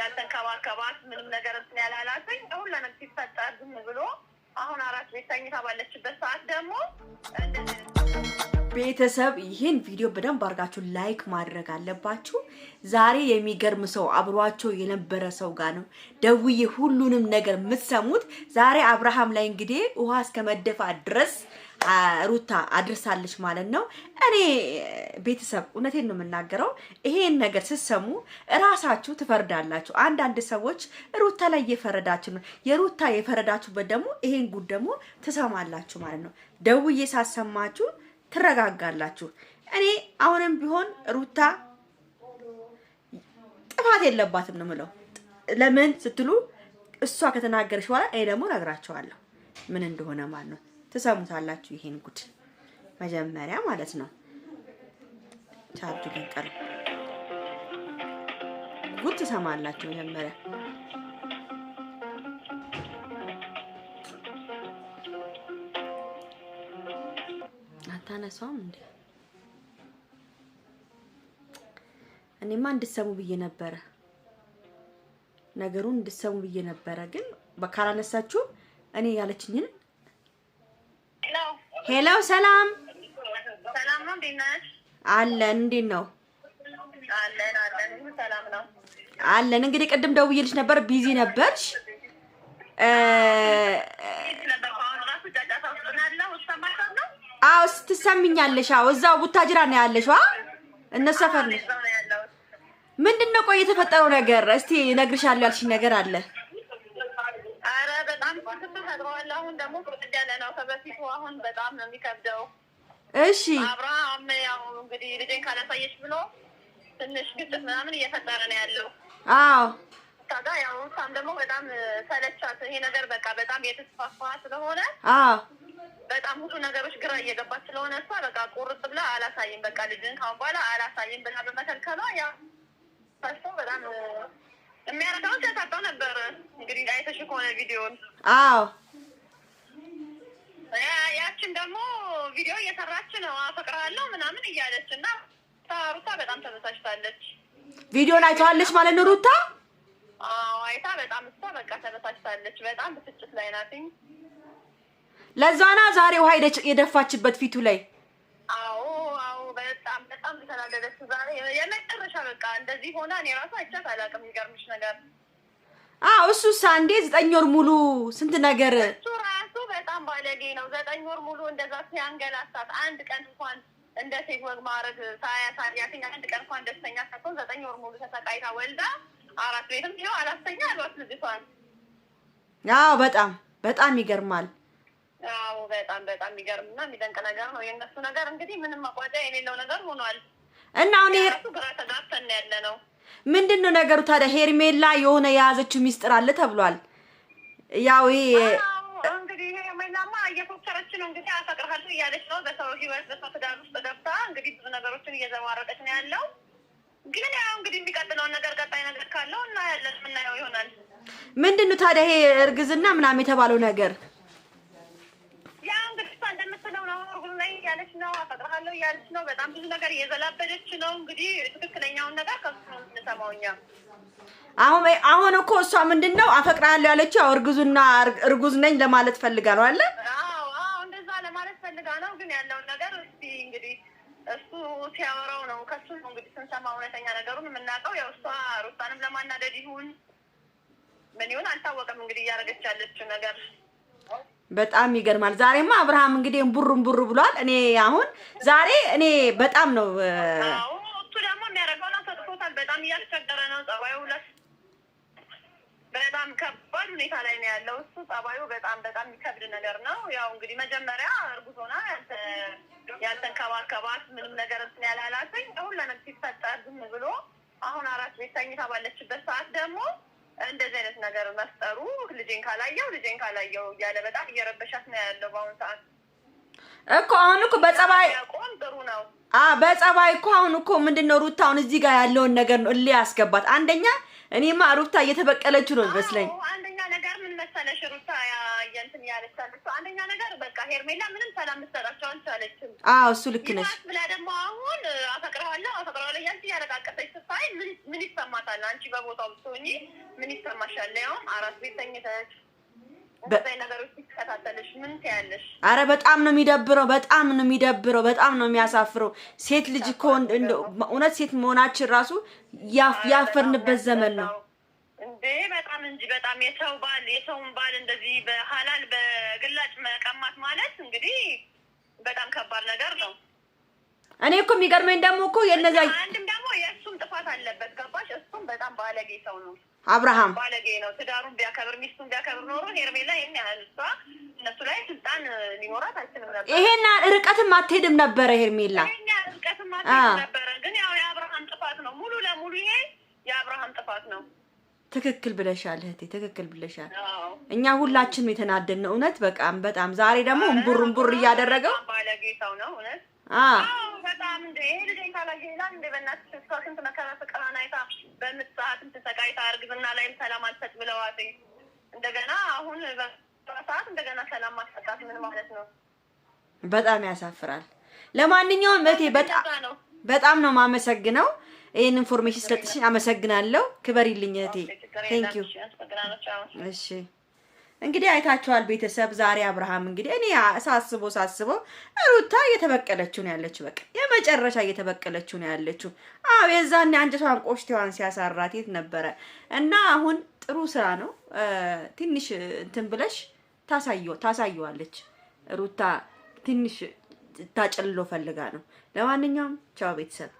ያልተንከባከባት ምንም ነገር እንትን ያላላትኝ ሁሉ ሲፈጠር ዝም ብሎ አሁን አራት ቤት ተኝታ ባለችበት ሰዓት ደግሞ ቤተሰብ ይህን ቪዲዮ በደንብ አድርጋችሁ ላይክ ማድረግ አለባችሁ። ዛሬ የሚገርም ሰው አብሯቸው የነበረ ሰው ጋር ነው ደውዬ ሁሉንም ነገር የምትሰሙት ዛሬ አብርሃም ላይ እንግዲህ ውሃ እስከ ድረስ ሩታ አድርሳለች ማለት ነው። እኔ ቤተሰብ እውነቴን ነው የምናገረው። ይሄን ነገር ስትሰሙ እራሳችሁ ትፈርዳላችሁ። አንዳንድ ሰዎች ሩታ ላይ እየፈረዳችሁ ነው። የሩታ የፈረዳችሁበት ደግሞ ይሄን ጉድ ደግሞ ትሰማላችሁ ማለት ነው። ደውዬ ሳሰማችሁ ትረጋጋላችሁ። እኔ አሁንም ቢሆን ሩታ ጥፋት የለባትም ነው የምለው። ለምን ስትሉ እሷ ከተናገረች በኋላ እኔ ደግሞ ነግራቸዋለሁ ምን እንደሆነ ማለት ነው። ትሰሙታላችሁ ይሄን ጉድ መጀመሪያ ማለት ነው። ቻርጁ ሊንቀር ጉድ ትሰማላችሁ መጀመሪያ አታነሷም እንዴ? እኔማ እንድሰሙ ብዬ ነበረ። ነገሩን እንድሰሙ ብዬ ነበረ፣ ግን ካላነሳችሁ እኔ ያለችኝን ሄሎ ሰላም አለን። እንዴት ነው አለን? እንግዲህ ቅድም ደውዬልሽ ነበር፣ ቢዚ ነበርሽ። አዎ ትሰሚኛለሽ? አዎ እዛው ቡታጅራ ነው ያለሽው? እነሱ ሰፈር ነሽ? ምንድን ነው ቆይ የተፈጠረው ነገር? እስቲ እነግርሻለሁ ያልሽኝ ነገር አለ ተግረዋል። አሁን ደግሞ ቁጭ ያለ ነው ከበፊቱ። አሁን በጣም ነው የሚከብደው። እሺ አብርሃም ያው እንግዲህ ልጄን ካላሳየች ብሎ ትንሽ ግጭት ምናምን እየፈጠረ ነው ያለው። አዎ ከዛ ያው እሷም ደግሞ በጣም ሰለቻት ይሄ ነገር በቃ በጣም የተስፋፋ ስለሆነ አዎ በጣም ሁሉ ነገሮች ግራ እየገባች ስለሆነ እሷ በቃ ቁርጥ ብላ አላሳይም፣ በቃ ልጅን ካሁን በኋላ አላሳይም ብላ በመከልከሏ ያው በጣም የሚያደርገውን ሲያሳጣው እንግዲህ አይተሽ ከሆነ ቪዲዮን። አዎ ያችን ደግሞ ቪዲዮ እየሰራች ነው ምናምን እያለች እና ሩታ በጣም ተበሳጭታለች። ቪዲዮን አይተዋለች ማለት ነው ሩታ አይታ በጣም እሷ በቃ ተበሳጭታለች። በጣም ብስጭት ላይ ናትኝ። ለዛና ዛሬ ውሃ የደፋችበት ፊቱ ላይ የመጨረሻ በቃ እንደዚህ ሆና እኔ ራሱ አይቻት አላውቅም። የሚገርምሽ ነገር አዎ፣ እሱ ሳንዴ ዘጠኝ ወር ሙሉ ስንት ነገር እሱ ራሱ በጣም ባለጌ ነው። ዘጠኝ ወር ሙሉ እንደዛ ሲያንገላሳት አንድ ቀን እንኳን እንደ ሴት ወግ ማድረግ ሳያሳያት አንድ ቀን እንኳን ደስተኛ ሳትሆን ዘጠኝ ወር ሙሉ ተሰቃይታ ወልዳ አራት ቤትም ይኸው አላስተኛ አሏት ልጅቷን። አዎ፣ በጣም በጣም ይገርማል። አዎ፣ በጣም በጣም ይገርምና የሚደንቅ ነገር ነው የእነሱ ነገር። እንግዲህ ምንም መቋጫ የሌለው ነገር ሆኗል። እና አሁን ምንድን ነው ነገሩ ታዲያ? ሄርሜላ የሆነ የያዘችው ሚስጥር አለ ተብሏል። ያው ይሄ እንግዲህ ሄርሜላማ እየፎከረች ነው እንግዲህ አፈቅርሃለሁ እያለች ነው። በሰው ህይወት በሰው ትዳር ውስጥ እንግዲህ ብዙ ነገሮችን እየዘማረቀች ነው ያለው። ግን ያው እንግዲህ የሚቀጥለውን ነገር ቀጣይ ነገር ካለው እና የምናየው ይሆናል። ምንድን ነው ታዲያ ይሄ እርግዝና ምናምን የተባለው ነገር እያለች ነው፣ አፈቅርሃለሁ እያለች ነው። በጣም ብዙ ነገር እየዘላበደች ነው። እንግዲህ ትክክለኛውን ነገር ከሱ ነው የምንሰማው እኛ። አሁን አሁን እኮ እሷ ምንድን ነው አፈቅርሃለሁ ያለችው እርግዙና እርጉዝ ነኝ ለማለት ፈልጋ ነው አለ። እንደዛ ለማለት ፈልጋ ነው። ግን ያለውን ነገር እስቲ እንግዲህ እሱ ሲያወራው ነው ከሱ ነው እንግዲህ ስንሰማ እውነተኛ ነገሩን የምናውቀው። ያው እሷ ሩታንም ለማናደድ ይሁን ምን ይሁን አልታወቅም። እንግዲህ እያደረገች ያለችው ነገር በጣም ይገርማል። ዛሬማ አብርሃም እንግዲህ ቡር ቡር ብሏል። እኔ አሁን ዛሬ እኔ በጣም ነው እሱ ደግሞ የሚያደርገውን አሰጥቶታል። በጣም እያስቸገረ ነው ጸባዩ። በጣም ከባድ ሁኔታ ላይ ነው ያለው እሱ ጸባዩ በጣም በጣም የሚከብድ ነገር ነው። ያው እንግዲህ መጀመሪያ እርጉዝ ሆና ያልተንከባከባት ምንም ነገር እንትን ያላላትኝ ሁሉ ነገር ሲፈጠር ዝም ብሎ አሁን አራት ቤት ተኝታ ባለችበት ሰዓት ደግሞ እንደዚህ አይነት ነገር መፍጠሩ ልጄን ካላየው ልጄን ካላየው እያለ በጣም እየረበሻት ነው ያለው በአሁኑ ሰዓት እኮ አሁን እኮ በጸባይ ጥሩ ነው። በጸባይ እኮ አሁን እኮ ምንድን ነው ሩታ አሁን እዚህ ጋር ያለውን ነገር ነው እልህ ያስገባት። አንደኛ እኔማ ሩታ እየተበቀለችው ነው ይመስለኝ። መሰለሽ ሩታ እንትን ያለቻለች አንደኛ ነገር በቃ ሄርሜላ ምንም ሰላም ምሰራቸው አልቻለችም። አዎ እሱ ልክ ነሽ ብላ ደግሞ አሁን አፈቅረዋለሁ አፈቅረዋለሁ እያለች እያለቃቀሰች ስታይ ምን ይሰማታል? አንቺ በቦታው ብትሆኚ ምን ይሰማሻል? ያውም አራት ቤት ተኝተሽ አረ በጣም ነው የሚደብረው፣ በጣም ነው የሚደብረው፣ በጣም ነው የሚያሳፍረው። ሴት ልጅ እኮ እውነት ሴት መሆናችን ራሱ ያፈርንበት ዘመን ነው። እንጂ በጣም የሰው ባል የሰውን ባል እንደዚህ በሀላል በግላጭ መቀማት ማለት እንግዲህ በጣም ከባድ ነገር ነው። እኔ እኮ የሚገርመኝ ደግሞ እኮ የነዛ አንድም ደግሞ የእሱም ጥፋት አለበት። ገባሽ? እሱም በጣም ባለጌ ሰው ነው። አብርሃም ባለጌ ነው። ትዳሩን ቢያከብር ሚስቱን ቢያከብር ኖሮ ሄርሜላ ይህን ያህል እሷ እነሱ ላይ ስልጣን ሊኖራት አይችልም ነበር። ይሄን ርቀትም አትሄድም ነበረ ሄርሜላ ይሄን ርቀትም አትሄድም ነበር። ትክክል ብለሻል እህቴ፣ ትክክል ብለሻል። እኛ ሁላችንም የተናደድነው እውነት በቃም በጣም ዛሬ ደግሞ እምቡር እምቡር እያደረገው ባለጌ ነው እውነት። በጣም እንደ ይሄ ልጅ ታላጅ ይላል እንደ በእናትሽ እሷ ስንት መከራ ፍቅራን አይታ እርግዝና ላይም ሰላም አልሰጥ ብለዋት እንደገና አሁን በሰዓት እንደገና ሰላም ምን ማለት ነው? በጣም ያሳፍራል። ለማንኛውም እህቴ በጣም በጣም ነው የማመሰግነው። ይህን ኢንፎርሜሽን ስለጥሽኝ አመሰግናለሁ። ክበሪልኝ እህቴ። ቴንክ ዩ። እሺ እንግዲህ አይታችኋል ቤተሰብ። ዛሬ አብርሃም እንግዲህ እኔ ሳስቦ ሳስቦ ሩታ እየተበቀለችው ነው ያለችው። በቃ የመጨረሻ እየተበቀለችው ነው ያለችው። አዎ የዛኔ አንጀቷን ቆሽቴዋን ሲያሳራት የት ነበረ? እና አሁን ጥሩ ስራ ነው። ትንሽ እንትን ብለሽ ታሳየዋለች። ሩታ ትንሽ ታጨልሎ ፈልጋ ነው። ለማንኛውም ቻው ቤተሰብ።